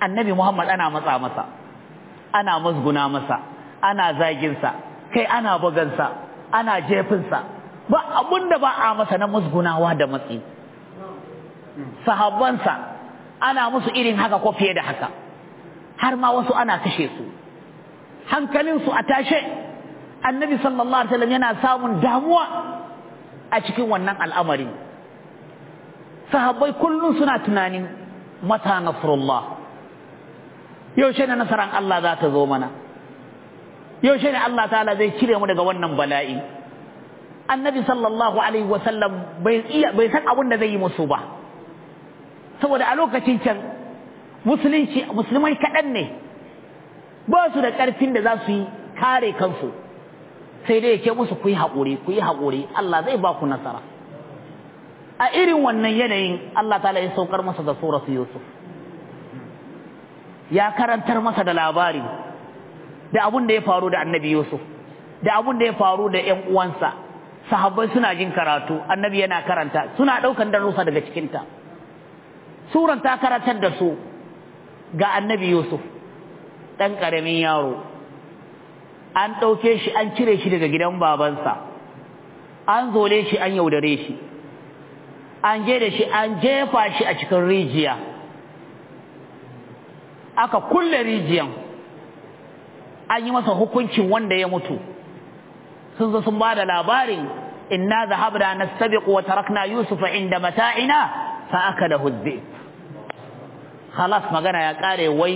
annabi Muhammad ana matsa masa ana musguna masa ana zaginsa kai ana bugansa ana jefinsa ba abun da ba a masa na musgunawa da matsi sahabbansa ana musu irin haka ko fiye da haka har ma wasu ana kashe su hankalinsu a tashe annabi sallallahu alaihi wasallam yana samun damuwa a cikin wannan al'amari sahabbai kullum suna tunanin mata nasrullah yaushe ne nasaran Allah za ta zo mana yaushe ne Allah ta'ala zai cire mu daga wannan bala'i annabi sallallahu alaihi wasallam bai iya bai san abin da zai yi musu ba saboda a lokacin can musulunci musulmai kaɗan ne ba su da ƙarfin da za su yi kare kansu sai dai ya musu ku yi haƙuri ku yi haƙuri Allah zai ba ku nasara a irin wannan yanayin Allah ta'ala ya saukar masa da suratu Yusuf ya karantar masa da labari da abun da ya faru da annabi Yusuf da abun da ya faru da ƴan uwansa sahabbai suna jin karatu annabi yana karanta suna daukan darussa daga cikinta suran ta karatar da su ga annabi yusuf dan karamin yaro an dauke shi an cire shi daga gidan babansa an zole shi an yaudare shi an je da shi an jefa shi a cikin rijiya aka kulle rijiyan an yi masa hukuncin wanda ya mutu sun zo sun da labarin inna zahabna nastabiqu wa tarakna Yusufa inda mata'ina fa akalahu dhib khalas magana ya kare wai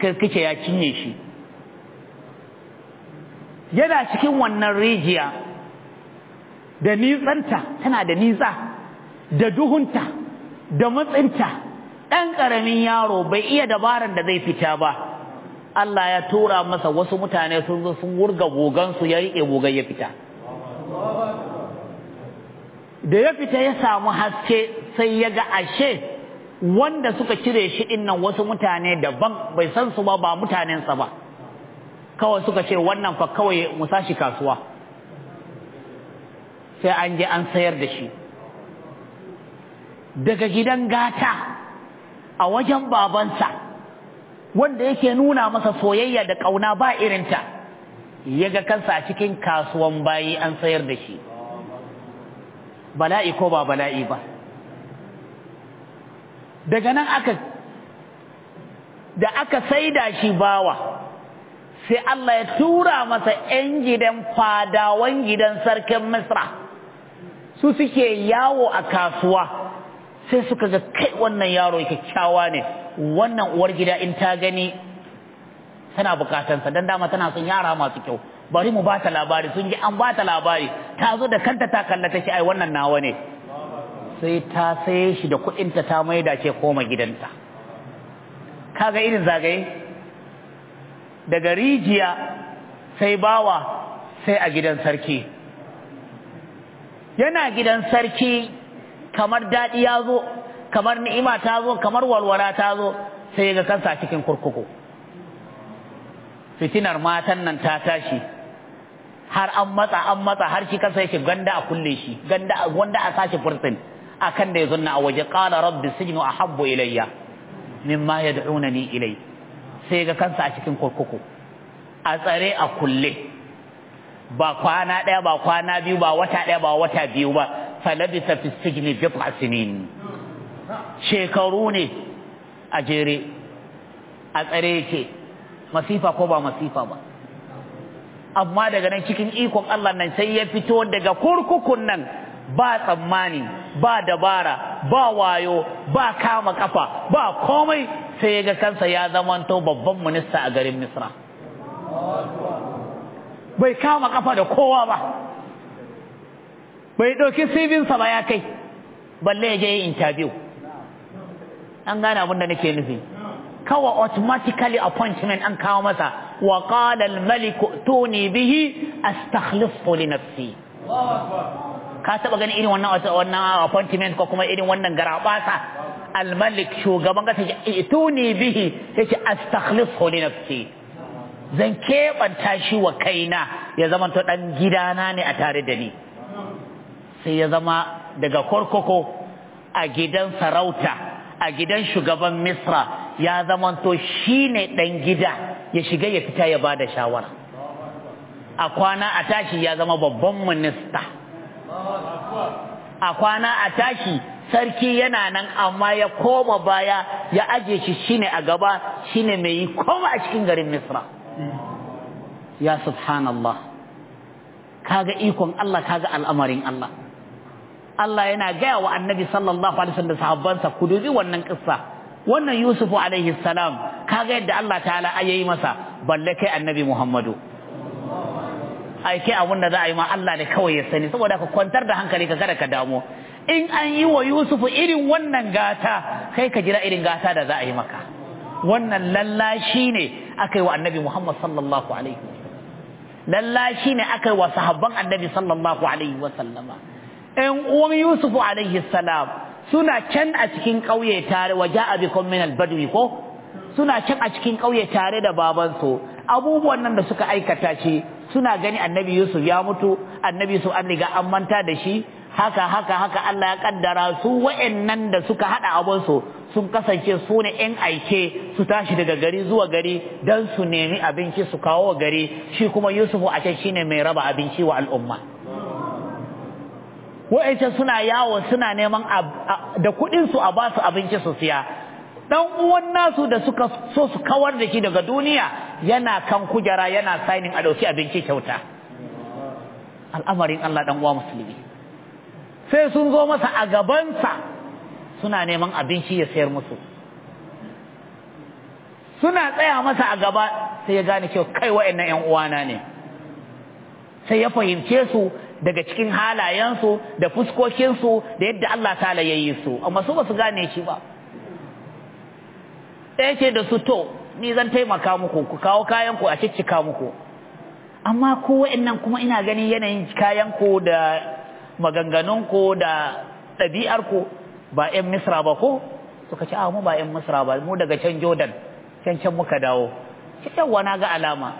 kirkice ya cinye shi yana cikin wannan rijiya da nitsanta tana da nitsa da duhunta da matsinta ɗan karamin yaro bai iya dabarar da zai fita ba Allah ya tura masa wasu mutane sun zo sun wurga gogansu ya riƙe gogan ya fita da ya fita ya samu haske sai ya ga ashe wanda suka cire shi dinnan wasu mutane daban bai san su ba ba mutanensa ba kawai suka ce wannan fa kawai mu sashi kasuwa sai an je an sayar da shi daga gidan gata a wajen babansa wanda yake nuna masa soyayya da ƙauna ba irinta ya ga kansa a cikin kasuwan bayi an sayar da shi bala'i ko ba bala'i ba daga nan aka da aka saida shi bawa sai Allah ya tura masa ‘yan gidan fadawan gidan sarkin Misra su suke yawo a kasuwa sai suka ga kai wannan yaro kyakkyawa ne wannan uwar gida in ta gani tana bukatansa dan dama tana son yara masu kyau bari mu ba ta labari sun ji an ba ta labari ta zo da kanta ta kalla ta ai wannan nawa ne sai ta saye shi da kuɗinta ta mai maida ce koma gidanta kaga irin zagaye daga rijiya sai bawa sai a gidan sarki yana gidan sarki kamar daɗi ya zo kamar ni'ima ta zo kamar walwala ta zo sai ya ga kansa cikin kurkuku fitinar matan nan ta tashi har an matsa an matsa har shi kansa yake ganda a kulle shi ganda wanda a sashi a akan da ya zunna a waje qala rabbi sijnu ahabbu ilayya mimma yad'unani ilay sai ga kansa a cikin kurkuku a tsare a kulle ba kwana ɗaya ba kwana biyu ba wata ɗaya ba wata biyu ba falabisa fi sijni bid'a shekaru ne a jere a tsare yake masifa ko ba masifa ba amma daga nan cikin iko Allah nan sai ya fito daga kurkukun nan ba tsammani ba dabara ba wayo ba kama ƙafa ba komai sai ya ga kansa ya zamanto babban minista a garin Misra bai kama ƙafa da kowa ba bai ɗauki sivinsa ba ya kai balle ya je yi interview an gane abin da nake nufi kawa automatically appointment an kawo masa wa al malik tuni bihi astakhlifu li nafsi ka taba ganin irin wannan appointment ko kuma irin wannan garabasa al malik shugaban ka ce tuni bihi yace astakhlifu li nafsi zan keɓanta shi wa kaina ya zamanta ɗan dan gidana ne a tare da ni sai ya zama daga korkoko a gidan sarauta a gidan shugaban misra ya zamanto shi ne ɗan gida ya shiga ya fita ya ba da shawara a kwana a tashi ya zama babban minista a kwana a tashi sarki yana nan amma ya koma baya ya aje shi shine a gaba shine mai yi koma a cikin garin misra ya subhanallah kaga ikon Allah kaga al'amarin Allah Allah yana gaya wa annabi sallallahu alaihi wasallam sahabbansa ku dubi wannan kissa wannan Yusufu alaihi salam kaga yadda Allah ta'ala ayayi masa balle kai annabi Muhammadu ai kai abun da za a yi ma Allah ne kawai ya sani saboda ka kwantar da hankali ka kada ka damu in an yi wa Yusufu irin wannan gata kai ka jira irin gata da za a yi maka wannan lallashi ne aka yi wa annabi Muhammad sallallahu alaihi wasallam lallashi ne aka yi wa sahabban annabi sallallahu alaihi wasallama ‘yan uwan Yusuf alaihi salam suna can a cikin ƙauye tare waje a bikon min Badwi ko? Suna can a cikin ƙauye tare da babansu abubuwan nan da suka aikata ce suna gani annabi Yusuf ya mutu annabi Yusuf an riga an manta da shi haka haka haka Allah ya kaddara su wa'annan da suka hada su sun kasance su ne ‘yan aike su tashi daga gari zuwa gari dan su nemi abinci su kawo gari shi kuma Yusufu a can shine mai raba abinci wa al'umma. wa'ancan suna yawo suna neman da kuɗinsu a ba su abinci su siya dan uwan nasu da suka so su kawar da shi daga duniya yana kan kujera yana signing a ɗauki abinci kyauta al'amarin Allah dan uwa musulmi sai sun zo masa a gabansa suna neman abinci ya sayar musu suna tsaya masa a gaba sai ya gane cewa kai wa'annan ƴan uwana ne sai ya fahimce su daga cikin halayensu da fuskokinsu da yadda Allah ta'ala ya yi su amma su ba su gane shi ba ɗaya ce da su to ni zan taimaka muku ku kawo kayan ku a ciccika muku amma ko wa'annan kuma ina ganin yanayin kayan ku da maganganun ku da ɗabi'ar ku ba 'yan misra ba ko suka ce a mu ba 'yan misra ba mu daga can jordan can can muka dawo yawwa na ga alama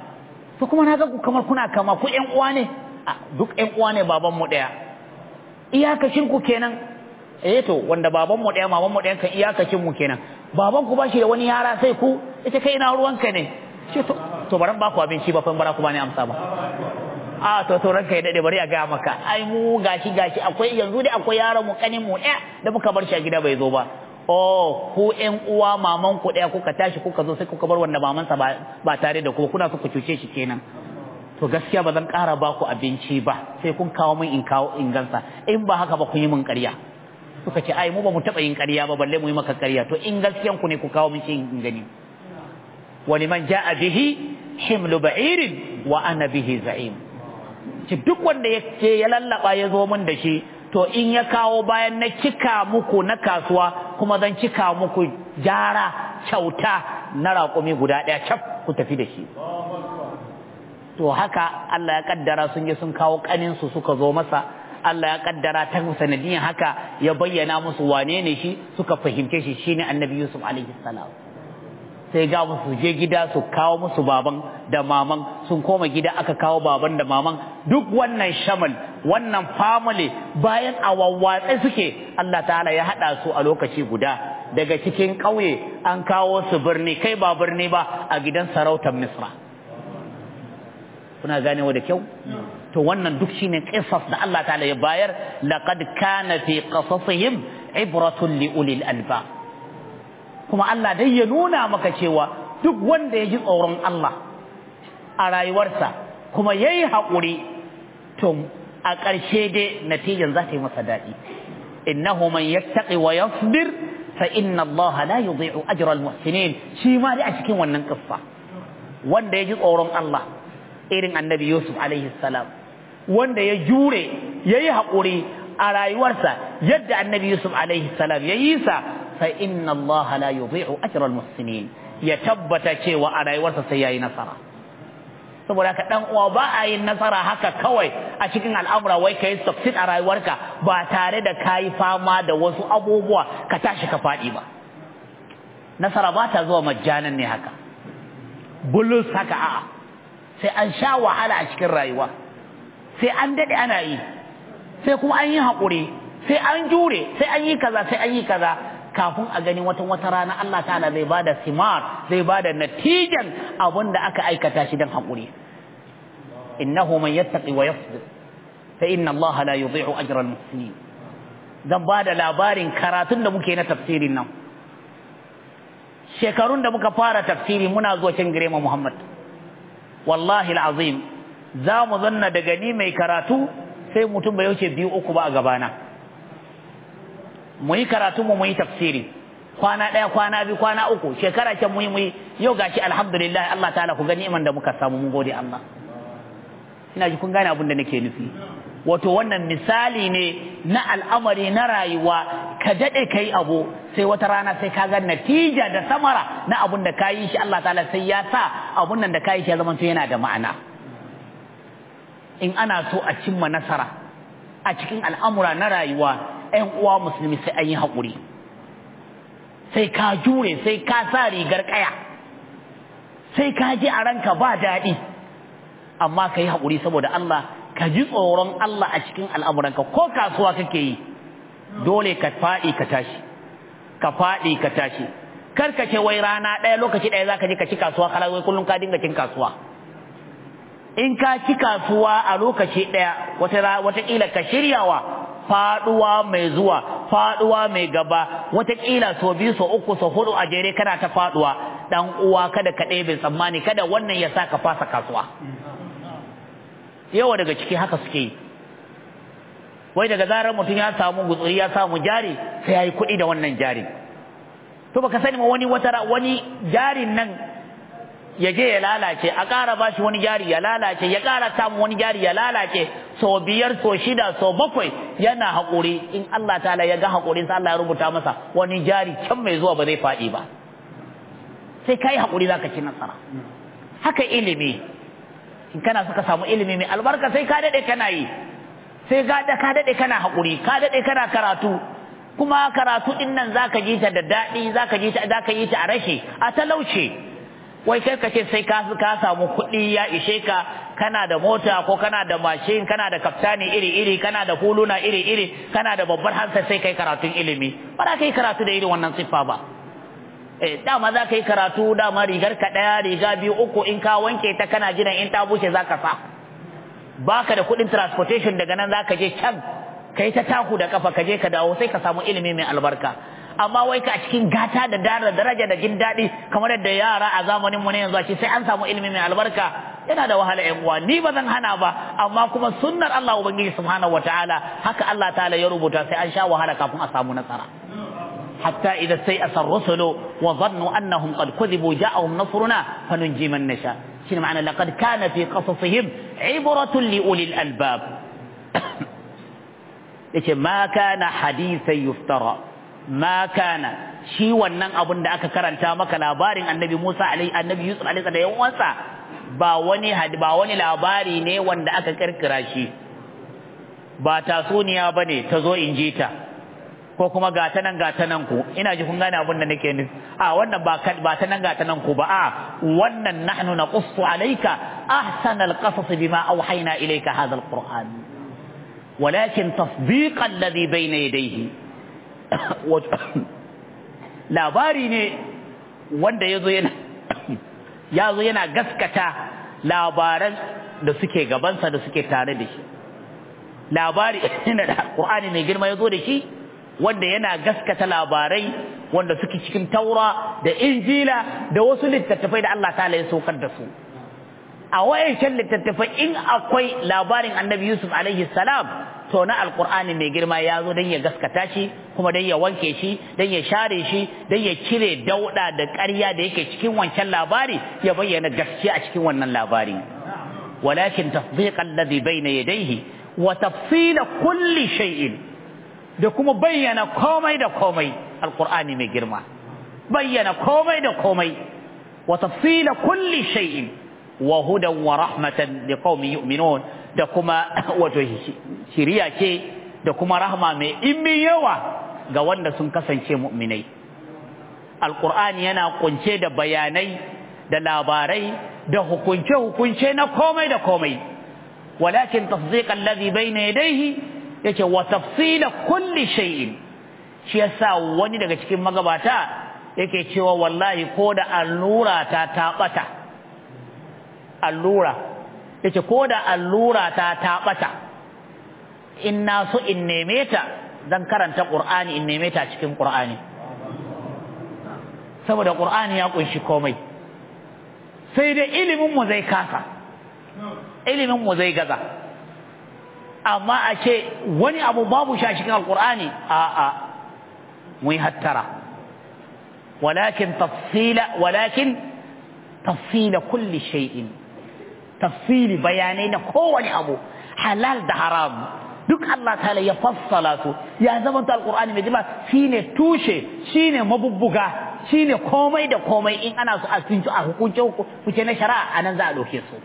to kuma na ga ku kamar kuna kama ku 'yan uwa ne duk ƴan uwa ne baban mu ɗaya iyakacin ku kenan eh to wanda baban mu ɗaya maman mu ɗaya kan iyakacin mu kenan baban ku bashi da wani yara sai ku ita kai ina ka ne ce to to baran ba ku abinci ba fa bara ku ba ne amsa ba a to to ranka ya dade bari a ga maka ai mu gashi gashi akwai yanzu dai akwai yaron mu kanin mu ɗaya da muka bar shi a gida bai zo ba oh ku ƴan uwa maman ku ɗaya kuka tashi kuka zo sai kuka bar wanda mamansa ba ba tare da ku kuna so ku cuce shi kenan to gaskiya ba zan kara ba ku abinci ba sai kun kawo min in kawo in gansa in ba haka ba kun yi min ƙarya suka ce ai mu ba mu taɓa yin ƙarya ba balle mu yi maka ƙarya to in gaskiyan ku ne ku kawo min shi in gani wani man a bihi himlu ba'irin wa ana bihi za'im ci duk wanda ya ce ya lallaɓa ya zo min da shi to in ya kawo bayan na cika muku na kasuwa kuma zan cika muku jara kyauta na raƙumi guda ɗaya cap ku tafi da shi to haka Allah ya kaddara sun je sun kawo kanin su suka zo masa Allah ya kaddara ta sanadiyan haka ya bayyana musu wane ne shi suka fahimce shi shine Annabi Yusuf alaihi salam sai ga musu je gida su kawo musu baban da maman sun koma gida aka kawo baban da maman duk wannan shamal wannan family bayan a wawwatsai suke Allah ta'ala ya hada su a lokaci guda daga cikin ƙauye an kawo su birni kai ba birni ba a gidan sarautar Misra kuna ganewa da kyau to wannan duk shine qisas da Allah ta'ala ya bayar laqad kana fi qasasihim ibratun li ulil alba kuma Allah dai ya nuna maka cewa duk wanda ya ji tsoron Allah a rayuwarsa kuma yayi haƙuri to a ƙarshe dai natijan za ta yi masa daɗi innahu man yattaqi wa yasbir fa inna Allah la yudhi'u ajra al-muhsinin shi ma dai a cikin wannan kissa wanda ya ji tsoron Allah irin annabi yusuf alaihi salam wanda ya jure ya yi haƙuri a rayuwarsa yadda annabi yusuf alaihi salam ya yi sa fa inna allah la yudhi'u ajra al ya tabbata cewa a rayuwarsa sai yayi nasara saboda haka dan uwa ba a yin nasara haka kawai a cikin al'amura wai kai succeed a rayuwarka ba tare da kai fama da wasu abubuwa ka tashi ka faɗi ba nasara ba ta zuwa majjanan ne haka bulus haka a'a sai an sha wahala a cikin rayuwa sai an daɗe ana yi sai kuma an yi haƙuri sai an jure sai an yi kaza sai an yi kaza kafin a gani wata wata rana Allah ta'ala zai ba da simar zai ba da natijan abin da aka aikata shi don haƙuri innahu man yattaqi wa yasbir fa inna Allah la yudhi'u ajra al-muhsinin zan ba da labarin karatun da muke na tafsirin nan shekarun da muka fara tafsiri muna zuwa cin girma Muhammad wallahi alazim za mu zanna daga ni mai karatu sai mutum bai wuce biyu uku ba a gabana mu yi karatu mu yi tafsiri kwana ɗaya kwana biyu kwana uku shekara can muyi muyi yau gashi alhamdulillah Allah ta'ala ku gani iman da muka samu mun gode Allah ina ji kun gane abin da nake nufi wato wannan misali ne na al'amari na rayuwa ka daɗe kai abu sai wata rana sai ka ga natija da samara na abun da ka yi shi Allah ta'ala sai ya sa abun nan da ka yi shi ya zama yana da ma'ana in ana so a cimma nasara a cikin al'amura na rayuwa ƴan uwa musulmi sai an yi haƙuri sai ka jure sai ka sa rigar ƙaya sai ka ji a ranka ba daɗi amma ka yi haƙuri saboda Allah ka ji tsoron Allah a cikin al'amuranka ko kasuwa kake yi dole ka faɗi ka tashi ka faɗi ka tashi kar ka wai rana ɗaya lokaci ɗaya za ka ji ka ci kasuwa kullum ka dinga cin kasuwa in ka ci kasuwa a lokaci ɗaya watakila ka shiryawa faɗuwa mai zuwa faɗuwa mai gaba watakila so biyu so uku so hudu a jere kana ta faɗuwa ɗan uwa kada ka ɗebe tsammani kada wannan ya sa ka fasa kasuwa yawa daga ciki haka suke yi wai daga zarar mutum ya samu gutsuri ya samu jari sai ya yi kuɗi da wannan jari to baka sani ma wani wata wani jarin nan ya je ya lalace a ƙara ba shi wani jari ya lalace ya ƙara samu wani jari ya lalace so biyar so shida so bakwai yana haƙuri in Allah ta'ala ya ga haƙurinsa Allah ya rubuta masa wani jari can mai zuwa ba zai faɗi ba sai kai haƙuri zaka ka ci nasara haka ilimi in kana so ka samu ilimi mai albarka sai ka daɗe kana yi sai ka ka daɗe kana haƙuri ka daɗe kana karatu kuma karatu ɗin nan za ji ta da daɗi za ji ta zaka yi ta a rashe a talauce wai kai ka ce sai ka ka samu kuɗi ya ishe ka kana da mota ko kana da mashin kana da kaftani iri-iri kana da huluna iri-iri kana da babbar hansa sai kai karatun ilimi ba za ka yi karatu da irin wannan siffa ba Eh, dama za ka yi karatu dama rigar ka ɗaya riga biyu uku in ka wanke ta kana jiran in ta bushe za ka sa ka da kuɗin transportation daga nan za ka je can ka yi ta taku da kafa ka je ka dawo sai ka samu ilimi mai albarka amma wai ka a cikin gata da dara daraja da jin daɗi kamar yadda yara a zamanin mu ne yanzu shi sai an samu ilimi mai albarka yana da wahala ƴan uwa ni ba zan hana ba amma kuma sunnar Allah ubangiji subhanahu wataala haka Allah ta'ala ya rubuta sai an sha wahala kafin a samu nasara حتى إذا استيأس الرسل وظنوا أنهم قد كذبوا جاءهم نصرنا فننجي من نشاء شنو معنى لقد كان في قصصهم عبرة لأولي الألباب ما كان حديثا يفترى ما كان shi wannan abun da aka karanta maka labarin annabi Musa annabi Yusuf alaihi da yan uwansa ba wani ba wani labari ne wanda aka kirkira shi ba tasuniya bane tazo injita ko kuma ga ta nan ga ta nan ku ina ji kun gane abin da nake nufi a wannan ba ba ta nan ga ta nan ku ba a wannan nahnu naqussu alayka ahsanal qasas bima awhayna ilayka hadha alquran walakin tasdiq alladhi bayna yadayhi labari ne wanda yazo yana yazo yana gaskata labaran da suke gabansa da suke tare da shi labari ina da Qur'ani mai girma yazo da shi wanda yana gaskata labarai wanda suke cikin taura da injila da wasu littattafai da Allah ta'ala ya saukar da su a wayancan littattafai in akwai labarin annabi yusuf alaihi salam to na alkur'ani mai girma ya zo don ya gaskata shi kuma don ya wanke shi don ya share shi don ya cire dauda da karya da yake cikin wancan labari ya bayyana gaskiya a cikin wannan labari walakin tasdiqan ladhi bayna yadayhi wa tafsila kulli shay'in da kuma bayyana komai da komai alqur'ani mai girma bayyana komai da komai wa tafsila kulli shay'in wa hudan wa rahmatan liqaumin yu'minun da kuma wato shiriya ce da kuma rahma mai immin yawa ga wanda sun kasance mu'minai alqur'ani yana kunce da bayanai da labarai da hukunce hukunce na komai da komai walakin tasdiqan na bayna yadayhi yace wa tafsila kulli shay'in shi yasa wani daga cikin magabata yake cewa wallahi ko da allura ta tabata allura yace ko da allura ta tabata in na so in neme ta zan karanta qur'ani in neme ta cikin qur'ani saboda qur'ani ya kunshi komai sai dai ilimin mu zai kasa ilimin mu zai gaza amma a ce wani abu babu shi a cikin alqur'ani a a hattara walakin tafsila walakin tafsila kulli shay'in tafsili bayanai na kowane abu halal da haram duk Allah ta'ala ya fassala su ya zama ta mai jima shine tushe shine mabubbuga shine komai da komai in ana so a tunci a hukunce hukunce na shari'a anan za a doke su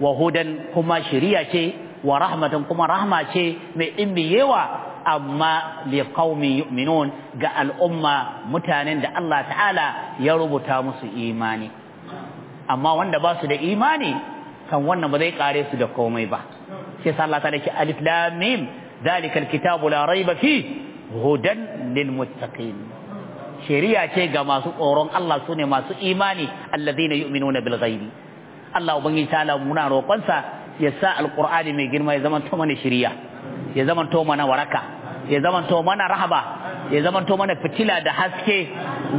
wa hudan kuma shari'a ce wa rahmatan kuma rahma ce mai dimbi yawa amma li qaumi yu'minun ga al'umma mutanen da Allah ta'ala ya rubuta musu imani amma wanda ba su da imani kan wannan ba zai kare su da komai ba sai sa Allah ta'ala ce alif lam mim zalikal kitabu la raiba fi hudan lil muttaqin shari'a ce ga masu tsoron Allah sune masu imani alladhina yu'minuna bil ghaibi Allah ubangiji ta'ala muna roƙonsa ya sa alqur'ani mai girma ya zama to mana shiriya ya zama mana waraka ya zamanto mana rahaba ya zamanto mana fitila da haske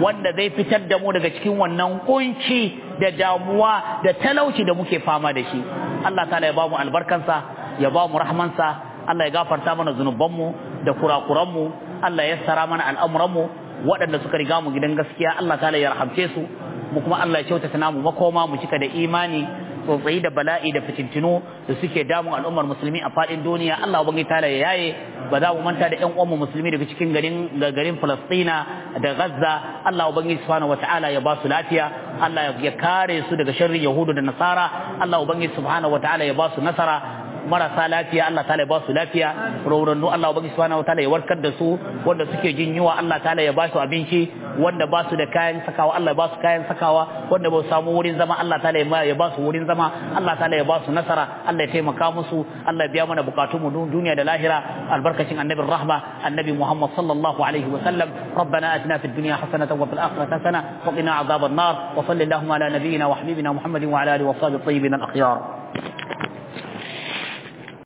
wanda zai fitar da mu daga cikin wannan kunci da damuwa da talauci da muke fama da shi Allah ta'ala ya ba mu albarkansa ya ba mu rahmansa Allah ya gafarta mana zunubanmu da kurakuranmu Allah ya sara mana al'amuranmu waɗanda suka riga mu gidan gaskiya Allah ta'ala ya rahamce su mu kuma Allah ya kyautata namu makoma mu cika da imani tsotsayi da bala'i da fitintinu da suke damun al'ummar musulmi a faɗin duniya Allah ubangi ta ya yaye ba za mu manta da ƴan uwanmu musulmi daga cikin garin garin Falastina da Gaza Allah ubangi subhanahu wataala ya ba su lafiya Allah ya kare su daga sharrin Yahudu da Nasara Allah ubangi subhanahu wataala ya ba su nasara marasa lafiya Allah ta'ala ya ba su lafiya rawurannu Allah ubangi subhanahu wataala ya warkar da su wanda suke jin yunwa Allah ta'ala ya ba su abinci wanda ba su da kayan sakawa Allah ya ba su kayan sakawa wanda ba su samu wurin zama Allah ta'ala ya ba su wurin zama Allah ta'ala ya ba su nasara Allah ya taimaka musu Allah ya biya mana bukatun mu duniya da lahira albarkacin annabi rahma annabi Muhammad sallallahu alaihi wa sallam ربنا آتنا في الدنيا حسنة وفي الآخرة حسنة وقنا عذاب النار وصل اللهم على نبينا وحبيبنا محمد وعلى آله وصحبه الطيبين الأخيار